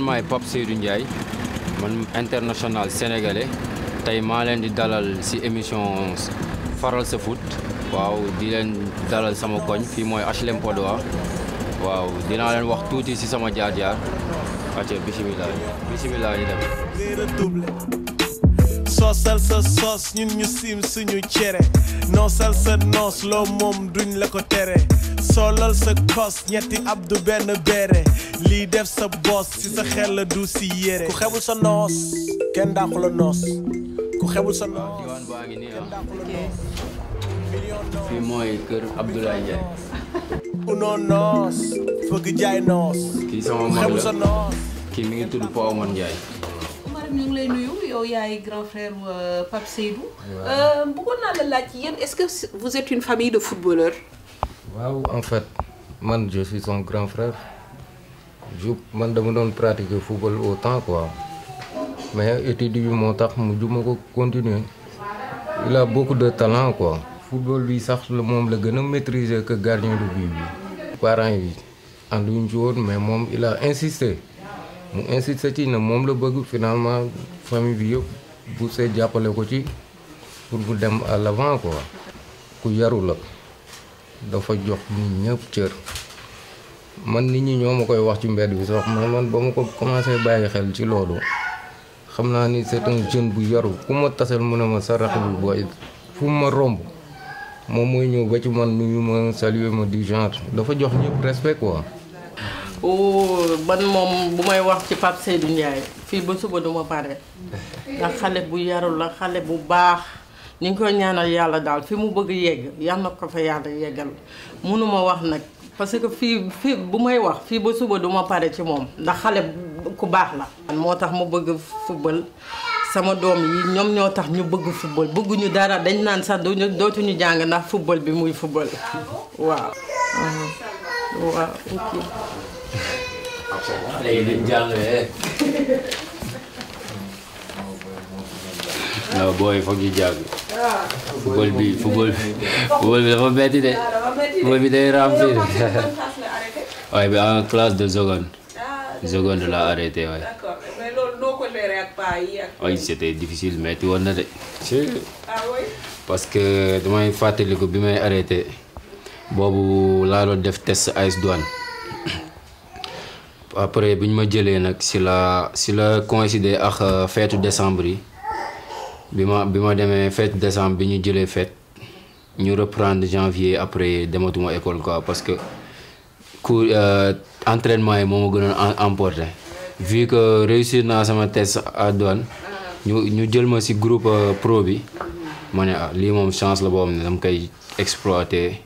man maay pop Seydou Ndiaye man international sénégalais tay ma len di dalal ci émission faral sa foot waaw di len dalal sama koñ fi moy HLM Podoa d'Oie waaw dinaa leen wax touti ci sama jaar-jaar aca bismillah bisimilah ñu dem noosal sa soos ñun ñu siim suñu cere noosal sa noos loo moom duñ la ko tere solal sa kos ñetti ab du benn beere lii def sa boos ci sa xel la du si yére ku xebul sa noos kenn dàqu la noos ku xebul sa noos diwaan baa ngi ah. mooy la kii mi ngi tudd Pawman Ndiaye nous ngi nuyu grand frère euh, Pape Seydou. Euh, bëggoon naa la laaj yéen est-ce que vous êtes une famille de footballeurs. waaw en fait Moi je suis son grand frère. je man dama de pratiquer football autant quoi mais étudier yi moo tax mu juma ko continuer. il a beaucoup de talent quoi. football lui, sax le moom la maîtriser que gardien de but parents yi ànduñu ci woon mais il a insisté. mu insisté ci ne moom la bëgg finalement famille bi yëpp bu see jàppale ko ci pour bu dem à ko ku yaru la dafa jox nit ñëpp cër man nit ñi ñoo ma koy wax ci mbedd bi sax man man ba ma ko commencé bàyyi xel ci loolu xam naa ni c'est un jeune bu yaru ku ma tasal mu ne ma sa rakk bi booy fu ma romb moom mooy ñëw ba ci man nuyu ma saluer ma du genre dafa jox ñëpp respect quoi o ban moom bu may wax ci Pape Seydou Ndiaye fii ba suba duma pare ndax xale bu yarul la xale bu baax ni nga koy ñaanal yàlla daal fi mu bëgg yegg yal na ko fa yàlla yeggal mënuma wax nag parce que fii fii bu may wax fii ba suba duma pare ci moom ndax xale ku baax la moo tax mu bëgg football sama doom yi ñoom ñoo tax ñu bëgg football bëgguñu dara dañ naan sax dootuñu jàng ndax fubal bi muy football ah waaw waaw léegi dañu jàngale. waaw booy foog ñu jàng. football bi football bi football bi ah, dafa metti de. football bi day remplir. waaye bi en classe de seconde. Ah, seconde la arrêté waaye. waaye c'était difficile metti woon de. Ah, parce que damay fàttaliku bi may arrêté. boobu laa doon def test Ice Douane. après buñ ma jëlé nak si la si la coïncider ak euh, fête décembre yi bi ma bi ma décembre bi ñu jëlé fête ñu reprendre janvier après dematuma école quoi parce que euh, entraînement yi moo ma emporté vu que réussir na sama test à douane ñu ñu jël ma si groupe euh, pro bi mané ah, li mom chance la boo xam ne dama koy exploité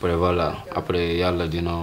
après voilà après yalla dina.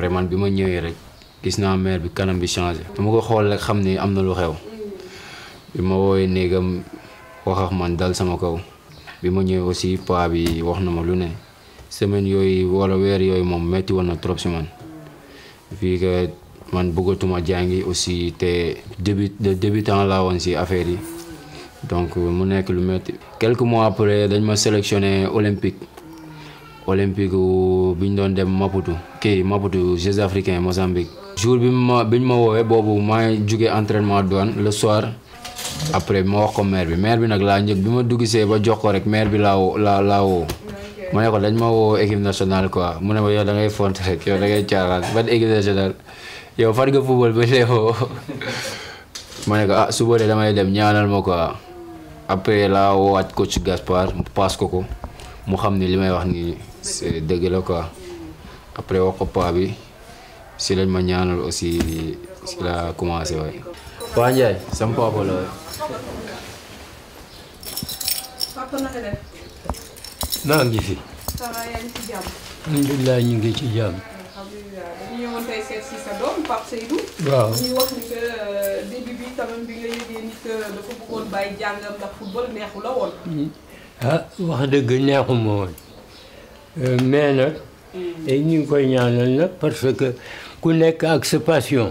après man bi ma rek gis na mère bi kanam bi changé. dama ko xol rek xamni amna lu xew bima woy woowee néegam wax ak man dal sama kaw bima ñëwé aussi paa bi wax na ma lu né semaine yoy wala weer yoy mom metti wona trop ci man fii que man bëggatuma jangi aussi té début de débutant la won ci affaire yi donc mu nekk lu metti quelques mois après dañ ma sélectionné olympique. olympique bi ñu doon dem Maputo kii Maputo Jeux africains Mozambique jour bi ma bi ñu ma woowee boobu maa juge jugee entraînement douane le soir après ma wax ko maire bi maire bi nag laa njëkk bi ma duggisee ba jox ko rek maire bi laa woo laa laa ma ne ko dañ ma woo équipe quoi mu ne ma da ngay font rek yow da ngay caaxaan ban équipe nationale yow far nga football ba léewoo ma ne ko ah suba de damay dem ñaanal ma quoi après laa woowaat coach Gaspard paas ko ko mu xam ni li may wax nii. c'est dëgg la quoi après waxu bi si lañ ma ñaanal aussi si la commencé waaye. waa Ndiaye sama papa naa ngi fi. ça yaa ngi ci jàmm. alhamdulilah ñu ngi ci jàmm. alhamdulilah dañu ñëwoon wax ni euh, nga yëgee ni dafa bëggoon bàyyi jàngam ndax football neexu la woon. Hmm. ah wax dëgg neexu ma Euh, mais nag mm. ñu ngi koy ñaanal nag parce que ku nekk ak sa passion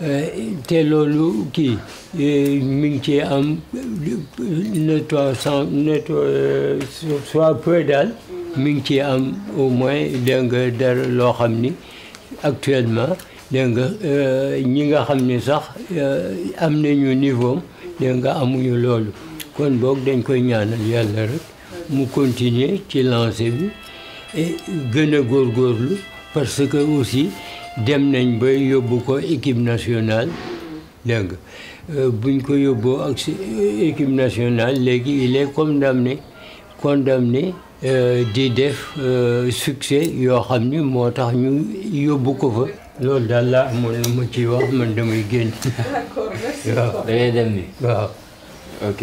euh, te loolu kii euh, mi ngi ci am ne toi sans ne toi soit peu daal mm. mi ngi ci am au moins dégg nga dara loo xam ni actuellement dégg nga ñi nga xam ni sax am nañu niveau dégg nga amuñu loolu kon boog dañ koy ñaanal yàlla rek mu continuer ci lancé bi et gën a góorgóorlu parce que aussi dem nañ ba yóbbu ko équipe nationale dégg euh, buñ ko yobbo ak euh, équipe nationale léegi il est condamné condamné euh, di def succès yo xamni motax ñu yóbbu ko fa lool daal laa amoon lu ma ciy wax man damay genn d'accord merci da ngay dem ni waaw ok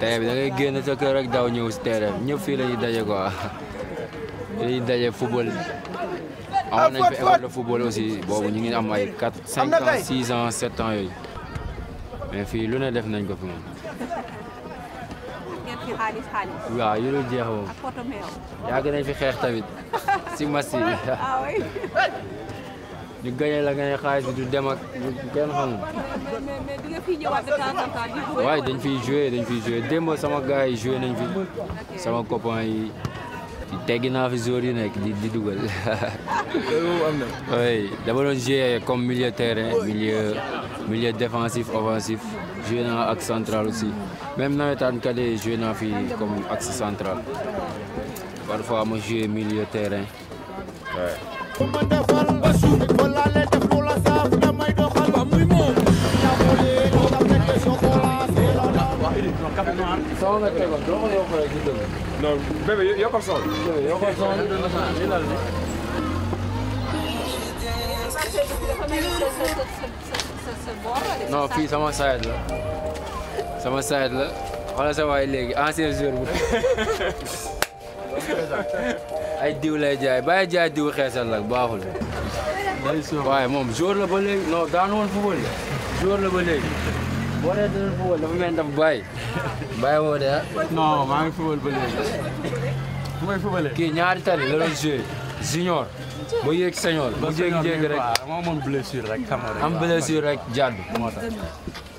te bi dangay génn sa kër rek daw ñëw si tere bi ñëpp fii la daje quoi dañuy daje football amoon nañ fi ñu ngi am ay quatre cinq ans six yooyu mais fii lu ne def nañ ko fi moom. waaw yu jeex moom yàgg fi xeex tamit si mas ñu gagner la gañe xaalis bi du dem ak kenn xamul. waaye dañ fiy joué dañ fiy joué démb sama gars yi joué nañ fi sama copain yi teggi naa fi joueur nek nekk di ouais dugal. oui dama doon comme milieu terrain milieu milieu défensif offensif jouer naa axe central aussi même qu'elle est jouer naa fi comme axe central parfois moi jouer milieu terrain waaw. soo nga tegoon doo ko yokkalee ci dëgg. non bébé yokkal sool. bébé yokkal sool. non fii sama saayit la sama saayit la xoolal sa waay léegi ancien joueur bu. ay diw lay jaay bàyyi jaay diw xeesal nag baaxul. waaye moom jour la ba léegi non daan woon football yi jour la ba léegi boo dee daan football dafa mel ni woo de ah. non maa ngi football ba kii ñaari tali la doon joué junior ba yéeg senior. ba senior bi rek mu jékki-jékki rek. am blessure rek jàdd moo tax.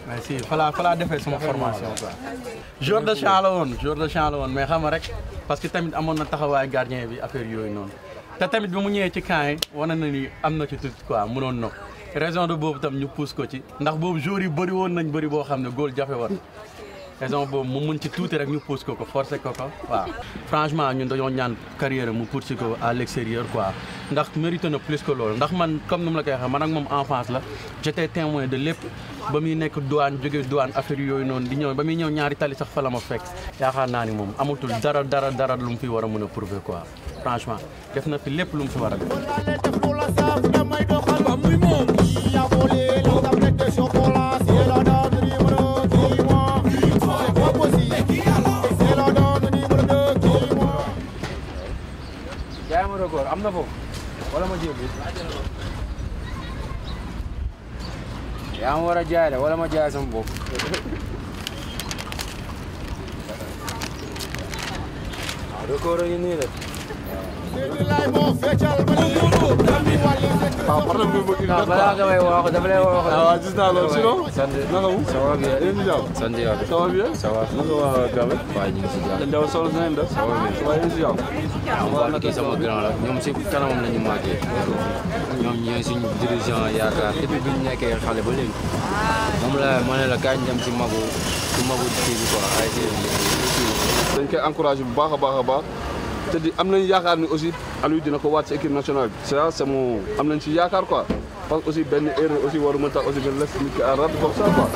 mais si falaa falaa defee sama formation quoi jour de champ la woon jour de champ la woon mais xam nga rek parce que tamit amoon na taxawaay gardien bi affaire yooyu noonu te tamit bi mu ñëwee ci camp yi wane na ni am na ci tuuti quoi mënoon na raison de boobu tam ñu pousse ko ci ndax boobu jour yi bëri woon nañ bëri boo xam ne góol jafe woon raison boobu mu mun ci tuuti rek ñu pousse ko ko forcer ko ko waaw. franchement ñun dañoo ñaan carrière mu poursuivre ko à l'extérieur quoi ndax mérité na plus que loolu ndax man comme ni mu la koy waxee man ak moom enfance la j' étais témoin de lépp ba muy nekk douane jóge douane affaire yooyu noonu di ñëw ba muy ñëw ñaari tali sax fa la ma fekk. yaakaar naa ni moom amatul dara dara dara lu mu fi war a mën a prouver quoi franchement def na fi lépp lu mu fi war a def. am na foofu wala ma jéem yaa ma war a wala ma jaay waaw par rapport ak kii balaa nga may wax dafa lay wax. waaw gis naa loolu sinon. sant naka mu. ça va bien yéen ñu jàpp. sant yow de. ça va bien. ça va naka waa Gabe. waaw ñu ngi si jàpp. Ndaw Sow si nañ def. ça va bien waaye ñu ngi si jàpp. waaw kii sama grand la ñoom si kanamam la ñu màggee. ñoom ñooy suñu dirigeant yaakaar depuis bi ñu nekkee xale ba léegi. moom la ma ne la kañ dem si magu si magu kii bi quoi ay si. dañ koy encouragé bu baax a baax a baax. te di am nañ yaakaar ni aussi Aliou dina ko waat si équipe nationale bi ça c'est mon am nañ ci yaakaar quoi parce que aussi benn erreur aussi waru mën tax aussi nga les nit ki à rab comme ça quoi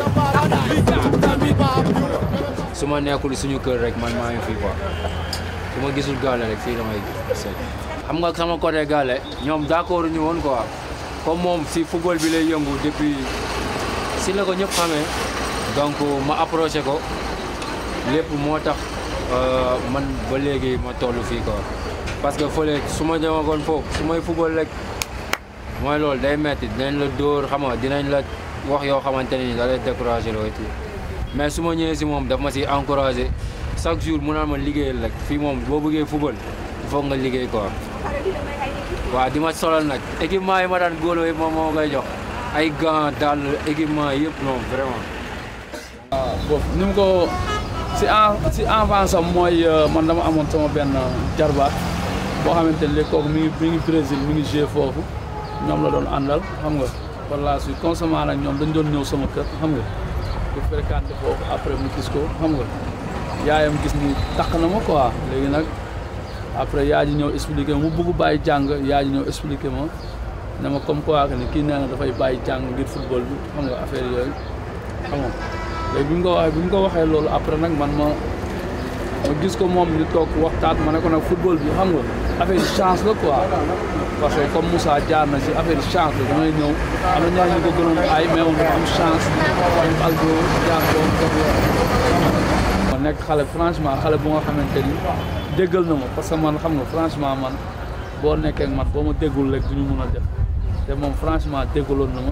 su ma suñu kër rek man maa ngi fii quoi su gisul gaale rek fii damay gis xam nga sama côté gaale ñoom d'accord ñu woon quoi comme moom si football bi lay yëngu depuis si la ko ñëpp xamee donc ma approché ko lépp moo Euh, man ba léegi ma toll fii quoi parce que fële su ma demagoon foofu su may football rek mooy loolu day metti dinañ la dóor xam nga dinañ la wax yoo xamante ni da lay découragé looy tuuti mais su ma ñëwee si moom daf ma si encouragé chaque jour mu naan ma liggéeyal rek fii moom boo bëggee football il nga liggéey quoi. waaw di ma solal nag équipement yi ma daan góoloo moom moo koy jox ay gants dàll équipement yëpp noonu vraiment. waaw ah, boobu ni si en si avance am mooy euh, man dama amoon sama benn jarbaat boo xamante ne kooku mi ngi mi Brésil mi ngi joué foofu ñoom la doon àndal xam nga par la suite consommant nag ñoom dañ doon ñëw sama kër xam nga pour fréquenté foofu après mu gis ko xam nga yaayam gis ni takk na ma quoi léegi nag après yaa ji ñëw expliqué mu bugg bàyyi jàng yaa ji ñëw expliqué ma ne ma comme quoi que ni kii nee na dafay bàyyi jàng ngir football bi xam nga affaire yooyu xam nga léegi bi mu ko waaye bi mu ko waxee loolu après nag man ma ma gis ko moom ñu toog waxtaan ma ne ko nag football bi xam nga affaire yi chance la quoi parce que comme Moussa jaar na si affaire yi chance la damay ñëw am na ñaar ñu ko gënoon ay mais woon am chance ñu algo jaar ko ma nekk xale franchement xale bu nga xamante ni déggal na ma parce que man xam nga franchement man boo nekkee ak man boo ma déggul rek du ñu mun a def te moom franchement déggaloon na ma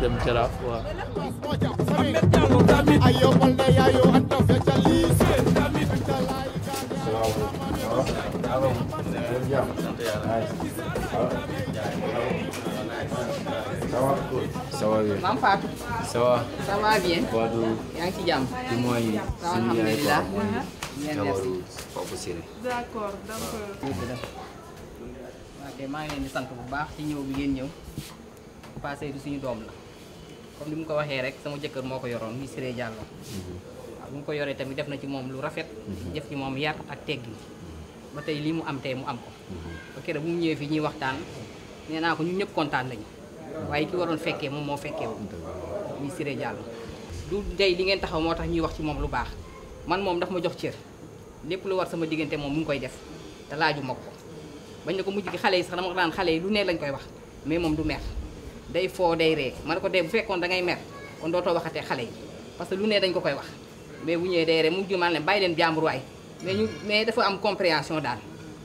dem jaraaf waaw Ça va bien. Mam Fatou. Ça va. Ça va bien. Fatou. Yang ci jam. Ci moy suñu yaay ko. Mhm. Bien merci. Papa Siré. D'accord. Donc euh, Ok, maa ngi leen di sant bu baax ci ñëw bi ngeen ñëw. Passé du suñu doom la. comme ni mu ko waxee rek sama jëkkër moo ko yoroon muy Siré Diallo waaw mhm. bu mu ko yoree tamit def na ci moom lu rafet mhm. def ci moom yar ak teggin mhm. tey lii mu am tey mu am ko ba keroog ñëwee fii ñuy waxtaan nee naa ko ñu ñëpp kontaan lañu waaye ki waroon fekkee moom moo fekkee wu muy Siré Diallo du day li ngeen taxaw moo tax ñuy wax ci moom lu baax man moom daf ma jox cër lépp lu war sama diggante moom mu ngi koy def te laaju ma ko bañ ne ko mujj gi xale yi sax dama ko daan xale yi lu nee lañ koy wax mais moom du mer day foo day ree ma ne ko dee bu fekkoon da ngay mer kon dootoo waxatee xale yi parce que lu ne dañ ko koy wax mais bu ñëwee day ree mu jumal ne bàyyi leen jàmbur waay mais dafa am compréhension daal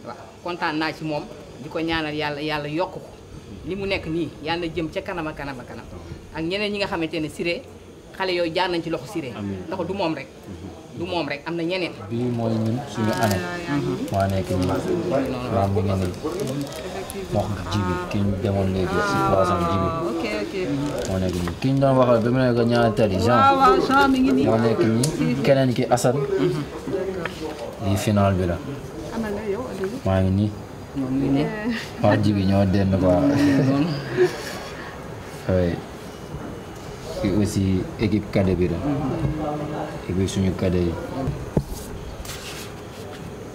waaw kontaan naa ci moom di ko ñaanal yàlla yàlla yokk ko li mu nekk nii yàlla jëm ca kanama kanama kanam ak ñeneen ñi nga xamante ne Siré xale yooyu jaar nañ ci loxo Siré ndax du moom rek mhm. du moom rek am na ñeneen. bii mooy ñun suñu année. Ah, moo nekk nii waaw mu ngi wax ji bi ki ñu demoon léegi si poisson ji bi. moo nekk nii ki ñu doon waxal bi mu nekk Jean. ngi nii moo nekk nii keneen ki Assane. lii final bi la. maa ngi nii. wax ji ñoo dénn quoi. oui. bi aussi équipe cadet bi la mhm. équipe suñu cadet yi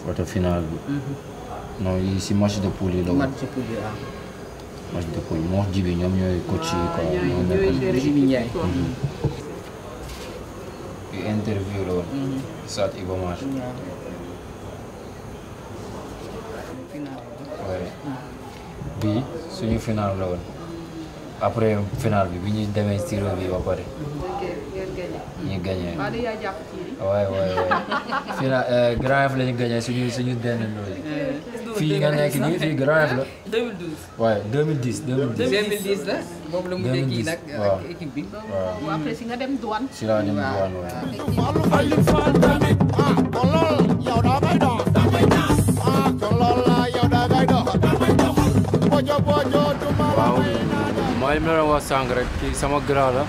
photo final mhm. si match de poule yi la woon match de poule ah. moo jibi ñoom ñooy coach yi quoi ñoo nekk mhm. la woon bi suñu final la woon après final bi bi ñu demee siro bi ba pare. ñu gagné. waaw waaw waaw final euh, Grand Yoff la ñu gagné suñu suñu benn loolu. Euh, fii nga nekk nii fii Grand Yoff la. 2012. waaw 2010 2010. 2010 la boobu la mujjee kii nag ak équipe bi. waaw après si nga dem douane. si laa dem douane waaw. waaw. li ma doon wax sànq rek kii sama grand la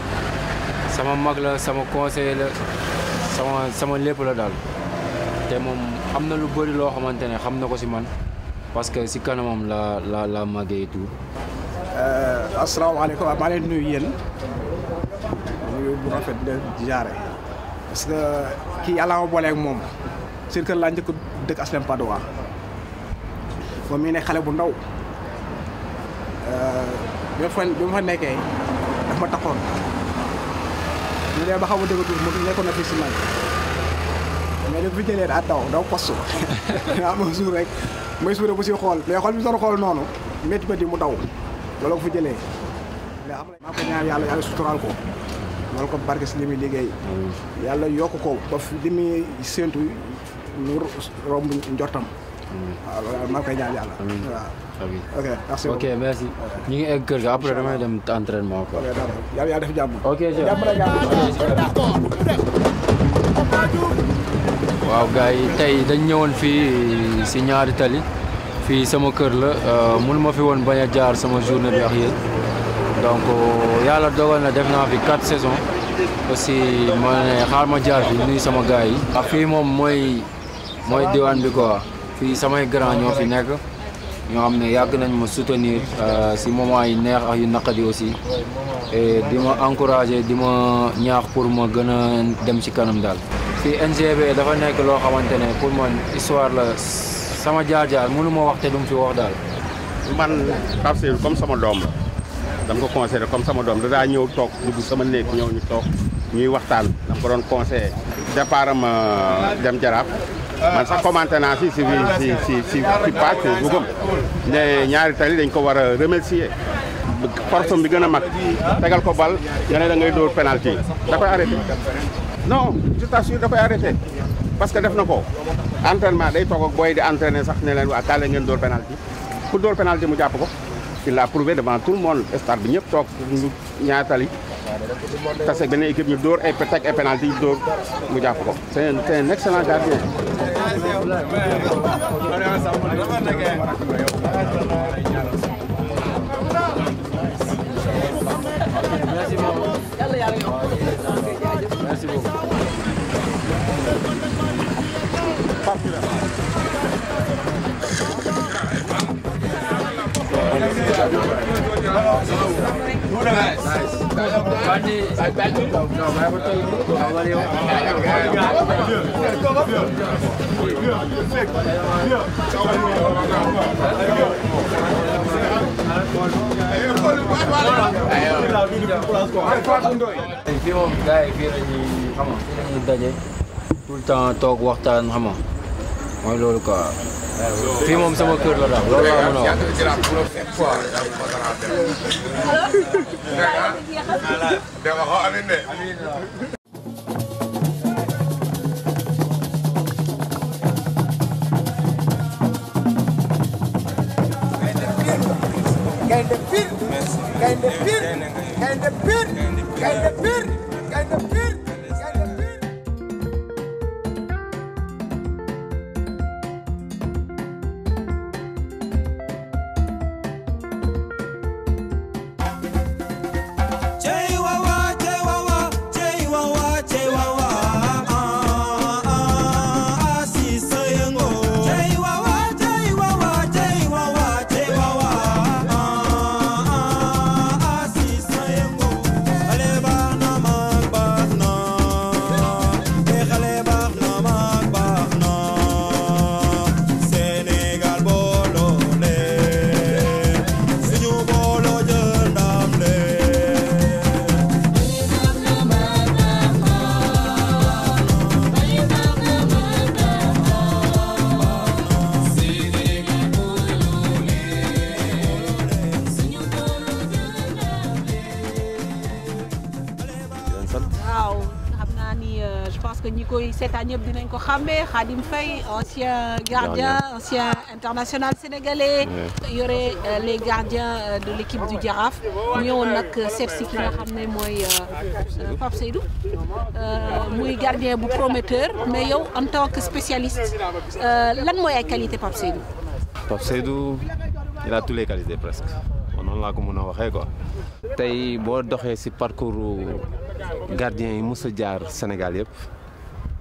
sama mag la sama conseiller la sama sama lépp la daal te moom am na lu bëri loo xamante ne xam na ko si man parce que si kanamam la la la màggee et tout. Euh, asalaamaaleykum waaw maa leen bu rafet de jaare parce que kii yàlla ma moom seen kër laa njëkk dëkk aslem Padoa xale bu ndaw. Euh, bi ma fa ma nekkee daf ma taxoon ñu ne ba xamante ne tuuti mu nekkoon na fi si man mais li fi jëlee daa daw daw postu nga suur rek mooy suur bu si xool mais xool bi doon xool noonu métti ba di mu daw loolu ko jëlee nga am maa ko ñaan yàlla yàlla suturaal ko loolu ko barke si li muy liggéey yàlla yokk ko ba fi li séentu mu romb njortam waaw loolu maa ñu ngi damay dem entraînement quoi. yàlla yàlla def jàmm. yi tey dañ ñëwoon fii si ñaari tali fii sama kër la euh, mënu ma fi woon bañ a jaar sama journée bi ak yéen donc euh, yàlla dogal na def naa fi quatre saisons aussi ma xaar ma jaar fi nuyu sama gars yi. waaw moom mooy mooy diwaan bi quoi. fii samay grand ñoo fi nekk ñoo xam ne yàgg nañ ma soutenir euh, si moom ay neex ak yu naqadi aussi et di ma encourager di ma ñaax pour ma gën a dem ci kanam daal. fii NGB dafa nekk loo xamante ne pour man histoire la sama jaar-jaar mënu ma wax te du mu fi wax daal. man Pape Seydou comme sama doom la dama ko conseillé comme sama doom da daa ñëw toog dugg sama néeg ñëw ñu toog ñuy waxtaan dama ko doon conseillé. départ am euh, dem jaraaf. Euh, man sax commenté naa si si si si si si page Facebook am ne ñaari tali dañ ko war a remercier forfam bi gën a mag tegal ko bal nga ne da ngay dóor penalty da koy arrêté non je t'assure da koy parce que def na ko entraînement day toog ak booy di entraîné sax ne leen waa kaale ngeen door penalty pour dóor penalty mu jàpp ko il l'a prouvé devant tout le monde stade bi ñëpp toog ñu ñaari tali tase benn équipe ñu dóor ay teg ay penalty dóor mu jàpp ko c'est un excellent Merci beaucoup. Nice. nice. fii moom gars yi fii la ñuy xam nga fii la ñuy daje tout le temps toog waxtaan xam nga mooy loolu quoi fii moom sama kër la daal loolu laa mën a wax. gaynde Cette année, dinañ ko un Khadim Faye ancien gardien ancien international sénégalais aurait euh, les gardiens euh, de l'équipe du Giraffe. Nous avons seet ki nga euh, Pape Seydou gardien prometteur mais yow en tant que spécialiste quelle est la qualité Pape Seydou Pape Seydou il a toutes les qualités presque On a comme on a fait quoi tey bon doxee parcours gardien yi de a Sénégal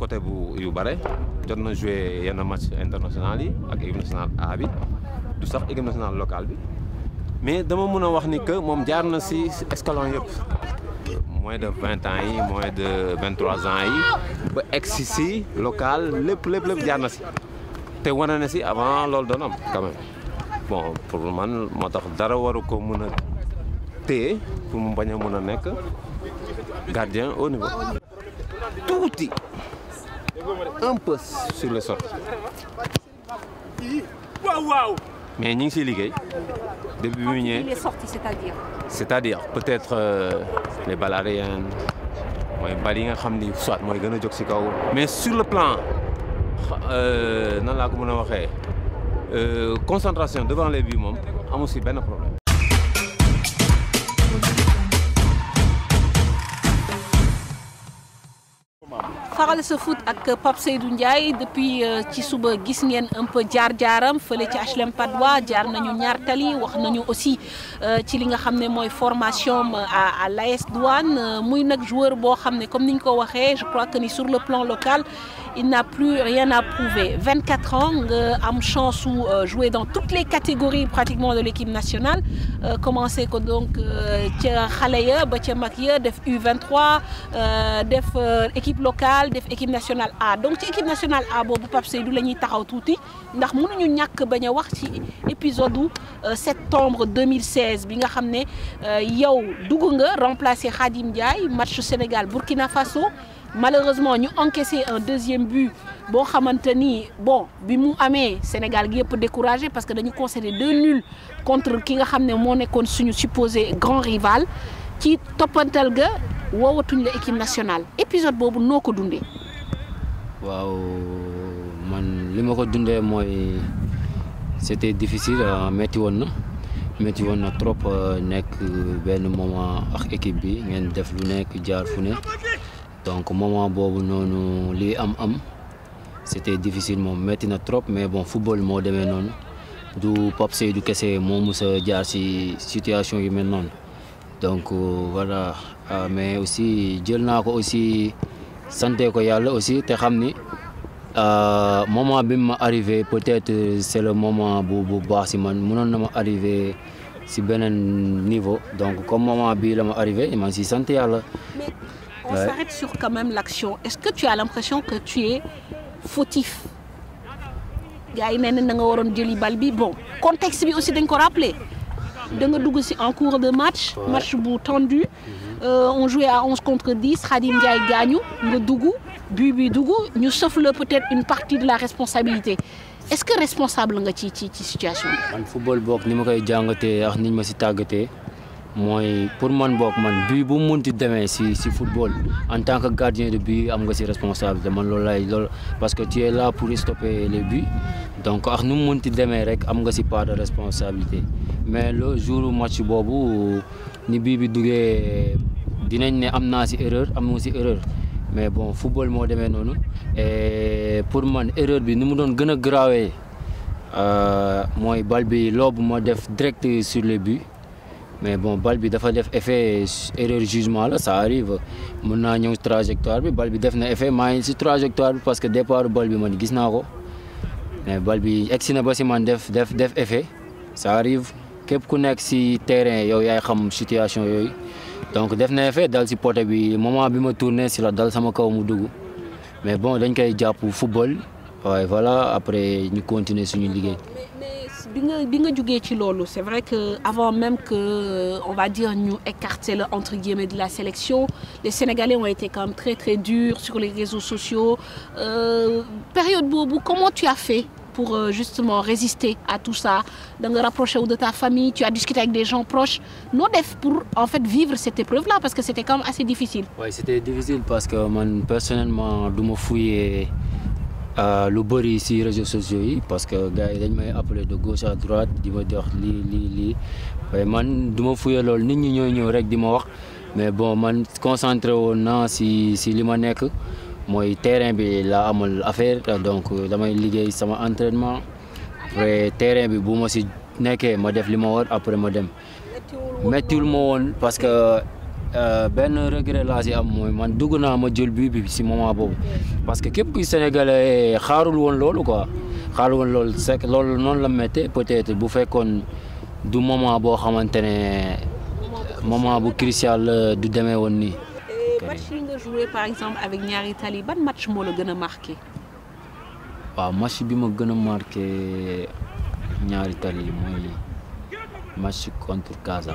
côté bu yu bare jot na joué yenn match international yi ak équipe nationale A bi du sax équipe nationale locale bi mais dama mëna wax ni que mom jaar na si escalon yépp moins de 20 ans yi moins de 23 ans yi ba egg si local lepp lepp lepp jaar na si te wane na ci avant lol do nam quand même bon pour man moo dara waru ko mëna té pour mu bañ a mën gardien au niveau tuuti un peu sur le sol. Mais nous sommes Depuis il est sorti, c'est-à-dire C'est-à-dire, peut-être euh, les balariens, les soit Mais sur le plan, euh, la communauté, euh, concentration devant les buts, aussi bien de ce foot avec Pape Seydou Ndiaye depuis euh, un peu jar ci HLM padoua nañu tali wax nañu aussi euh, ci li nga formation à à l'AS euh, joueur comme je crois que ni sur le plan local il n'a plus rien à prouver. 24 ans, euh, am chance de euh, jouer dans toutes les catégories pratiquement de l'équipe nationale. Euh, commencer que donc Khaleya, Batia Makia, def U23, def équipe locale, def équipe nationale A. Donc équipe nationale A bobu Pape Seydou lañuy taxaw touti ndax mënuñu ñak baña wax ci épisode septembre 2016 bi nga xamné yow dugg nga remplacer Khadim Diaye match Sénégal Burkina Faso malheureusement ñu encaissé un deuxième but Bon xamante bon bi mu amee Sénégal gi yëpp découragé parce que dañu concédé deux nuls contre ki nga xamné mo nékkone suñu supposé grand rival ci topantal ga woowatuñ la équipe nationale épisode bobu noko dundé waaw man limako dundé moy c'était difficile euh, metti wonna metti wonna trop euh, nek euh, ben moment ak équipe bi ngeen def lu nek jaar fune donc moment boobu nous li am am c'était difficile Mon métti trop mais bon football moo demee non. du Pape Seydou kese moo mus a jaar ci situation yu mel noonu donc euh, voilà ah, mais aussi jël naa aussi aussi sante ko yàlla aussi te xam Euh, moment bim ma arrivé peut-être c'est le moment bu bu baax si man mënoon na ma arrivé ci beneen niveau donc comme moment bii la ma arrivé ma ci sant yàlla on s'arrête sur quand même l'action. Est-ce que tu as l'impression que tu es fautif gars yi nga waroon bon contexte bi aussi d'encore rappeler da nga en cours de match match tendu euh, on jouait à 11 contre 10 Radim Ndiaye gagnou, nga Dougou. but bi souffle peut-être une partie de la responsabilité est-ce que responsable nga ci ci situation football ni ma koy ma moi pour man bok man bi bu mu munti demee ci football en tant que gardien de but am nga si responsabilité man lolay lol parce que tu es là pour stopper les buts donc ak nu mu munti demee rek am nga ci part de responsabilité mais le jour match bobu ni bi bi duggee dinañ né amna ci erreur am nga erreur mais bon football mo démé nonou et pour moi erreur bi ni mu don gëna grawé euh moy bal bi loobu def direct sur les buts mais bon bal bi dafa def effet erreur jugement là ça arrive mën naa ñëw trajectoire bi bal bi def na effet maa trajectoire parce que départ bal bi man gis naa ko mais bal bi egsi na ba si man def def def effet ça arrive képp ku nekk si terrain yow yaay xam situation yooyu donc def na effet dal si poté bi moment bi ma tourné si la dal sama kaw mu dugg mais bon dañ koy jàpp football waaye voilà après ñu continuer suñu liggéey c'est vrai que avant même que euh, on va dire nous écarter entre guillemets de la sélection les Sénégalais ont été quand même très très durs sur les réseaux sociaux euh, période boubou comment tu as fait pour euh, justement résister à tout ça d'en rapprocher ou de ta famille tu as discuté avec des gens proches nous def pour en fait vivre cette épreuve là parce que c'était quand même assez difficile. oui c'était difficile parce que personnellement je me fuyee euh, le bëri ici réseaux sociaux parce que gars yi dañ may appeler de gauche à droite di ma di li lii lii lii man du ma fuye loolu nit ñi ñooy ñëw rek di wax mais bon man concentré woon si si li ma nekk terrain bi la amul affaire donc euh, damay liggéey sama entraînement après terrain bi bu ma si nekkee ma def li ma war après ma dem méttiwul ma woon parce que ben regret la si am moy man duguna ma jël bi bi ci moment bobu parce que kep kuy sénégalais xarul won lolou quoi xarul won lolou c'est lolou non la metté peut-être bu fekkone du moment bo xamantene moment bu crucial du demee woon nii. match yi nga joué par exemple avec ñaari tali ban match mo le gëna marqué. waaw match bi ma gëna a marqué ñaari tali moy match contre Casa.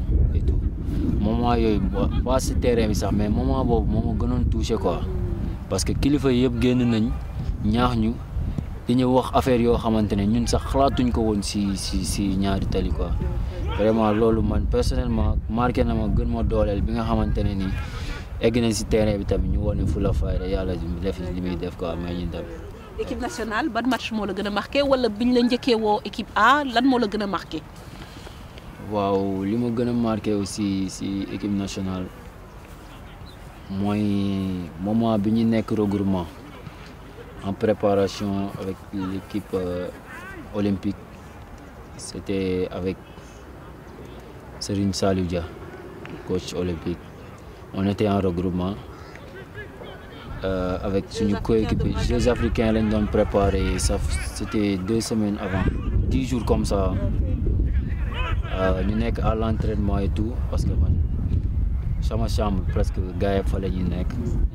moment yooyu pas si terrain bi sax mais moment boobu moo ma gënoon touché ko parce que kilifa yëpp génn nañ ñaax ñu di ñu wax affaire yoo xamante ne ñun sax xalaatuñ ko woon si si si ñaari tali quoi vraiment loolu man personnellement marqué na ma gën ma dooleel bi nga xamante ne nii egg nañ si terrain bi tamit ñu wane fula fayda yàlla def li muy def quoi may ñu dem. équipe nationale ban match moo la gën a marqué bi ñu la njëkkee woo équipe A lan moo la gën a marqué. Ce qui ma marqué aussi si équipe nationale le moment bi ñu regroupement en préparation avec l'équipe euh, olympique c'était avec Serine Saludia, coach olympique on était en regroupement euh, avec suñu coéquipiers Les africains lañ préparé ça c'était deux semaines avant dix jours comme ça euh, ñu nekk à l'entraînement et tout parce que man sama chambre presque gars yi fa la ñuy nekk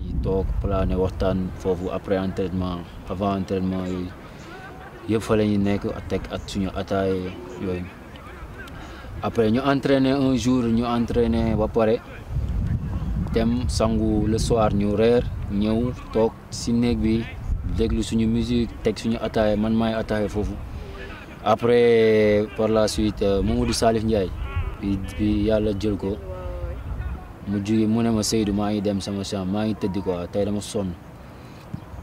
ñu toog plané waxtaan foofu après entraînement avant entraînement yooyu yëpp fa la ñuy nekk teg ak suñu ataay yooyu après ñu entraîner un jour ñu entraîner ba pare dem sangu le soir ñu reer ñëw toog si néeg bi déglu suñu musique teg suñu ataay man maay ataay foofu après par la suite euh, Mamadou Salif Ndiaye bi bi yàlla jël ko mu jóge mu ne ma ngi dem sama chambre maa ngi tëdd quoi tey dama sonn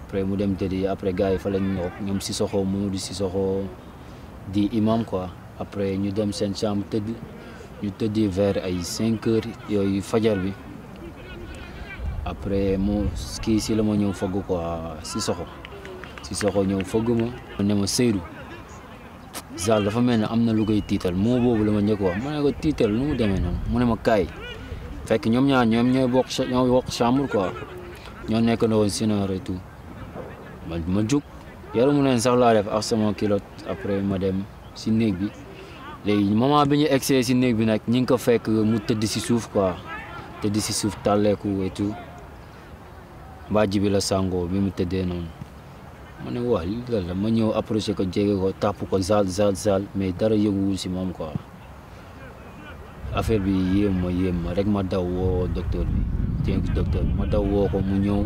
après mu dem tëdd après gars yi fa lañ ñëw di imam quoi après ñu dem sen chambre tëdd ñu tëdd vers ay cinq heures yooyu fajar bi après mu kii si la ma ñëw fogg quoi Sissoko Sissoko ñëw fogg ma ne Seydou Zal dafa mel ne am na lu tiital moo boobu la ma njëkk wax ma ne ko tiital nu mu demee noonu mu ne ma kaay fekk ñoom ñaar ñoom ñooy bokk ñooy bokk chambre quoi ñoo nekk na woon sinon et ma ma jug yaru mu ne sax laa def ak sama kilote après ma dem si néeg bi léegi moment bi ñu egsee si néeg bi nag ñi ngi ko fekk mu tëdd si suuf quoi tëdd si suuf tàlleeku et tout mbàjj bi la bi mu tëddee noonu ma ne waa lii la ma ñëw approché ko jege ko tàpp ko zaal zaal zaal mais dara yënguwul si moom ko affaire bi yéem ma yéem ma rek ma daw woo docteur bi jéeg docteur bi ma daw woo ko mu ñëw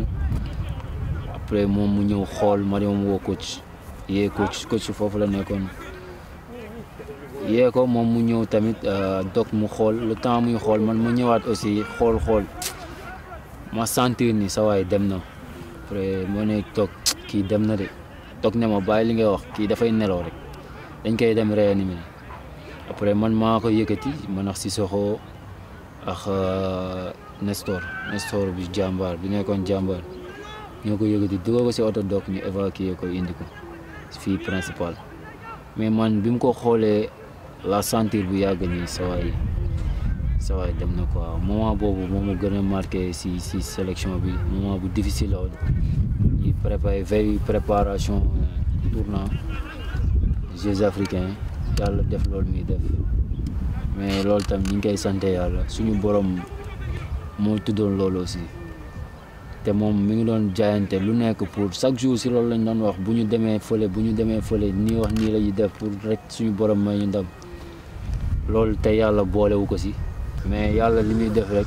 après moom mu ñëw xool ma dem woo coach yee coach foofu la nekkoon yee ko moom mu ñëw tamit euh, doc mu xool le temps muy xool man ma ñëwaat aussi xool xool ma sentir nii sa dem na après ma ne toog. kii dem na de toog ne ma bàyyi li ngay wax kii dafay nelaw rek dañ koy dem réanimer après man maa ko yëkkati man ak Sissoko euh, ak Nestor Nestor bi jàmbaar bi nekkoon jàmbaar ñoo ko yëkkati dugal ko si oto doog ñu évacuer ko indi ko fii principal mais man bi mu ko xoolee la sentir bu yàgg nii sawaay sawaay dem na ko moment boobu moom mu gën a marqué si si sélection bi moment bu difficile la woon di préparer veille préparation euh, tournant Jeux africains yàlla def loolu muy def mais loolu tam ñu ngi koy sant yàlla suñu borom moo tuddoon loolu aussi te moom mu ngi doon jaayante lu nekk pour chaque jour si loolu lañ doon wax bu ñu demee fële bu ñu demee fële nii wax nii la ñuy def pour rek suñu borom may ñu ndam loolu te yàlla boolewu ko si mais yàlla li muy def rek.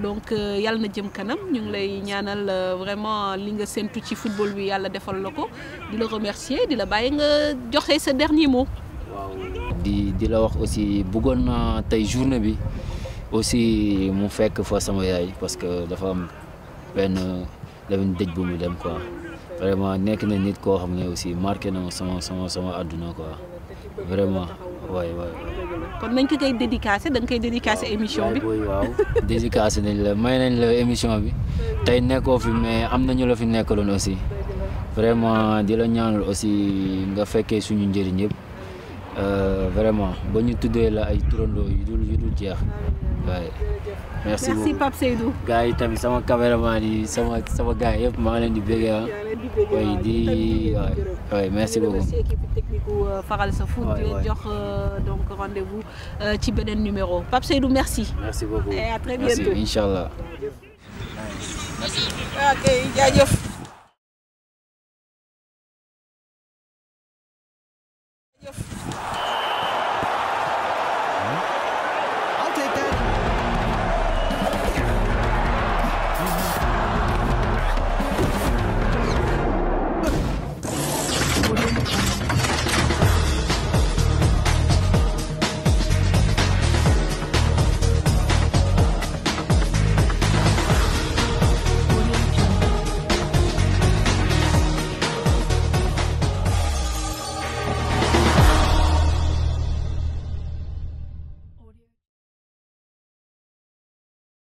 donc euh, yàlla na jëm kanam ñu ngi lay ñaanal euh, vraiment li nga sentu ci football bi yalla defal la ko di la remercier di la bàyyi nga joxe sa dernier mot. waaw di di la wax aussi bëggoon na tay journée bi aussi mu fekk fa sama yaay parce que dafa am ben benn dëj bu mu dem quoi vraiment nek na nit ko xam aussi marqué na sama sama sama aduna quoi vraiment waay waay kon nañ ko kay dédicacé da nga koy dédicacé émission bi waaw dédicacé nañ la may nañ la émission bi Tay nekkoo fi mais am nañu la fi nekkaloon aussi vraiment di la ñaanal aussi nga fekkee suñu njëriñ yëpp euh, vraiment ba ñu tuddee la ay turandoo yu dul yu dul jeex waaye merci beaucoup merci Pape Seydou gars yi tamit sama caméraman yi sama sama gars yëpp maa ngi leen di bégee ah merci beaucoup merci technique euh, Faral euh, rendez-vous euh, ci numéro Pape merci. merci beaucoup à bientôt merci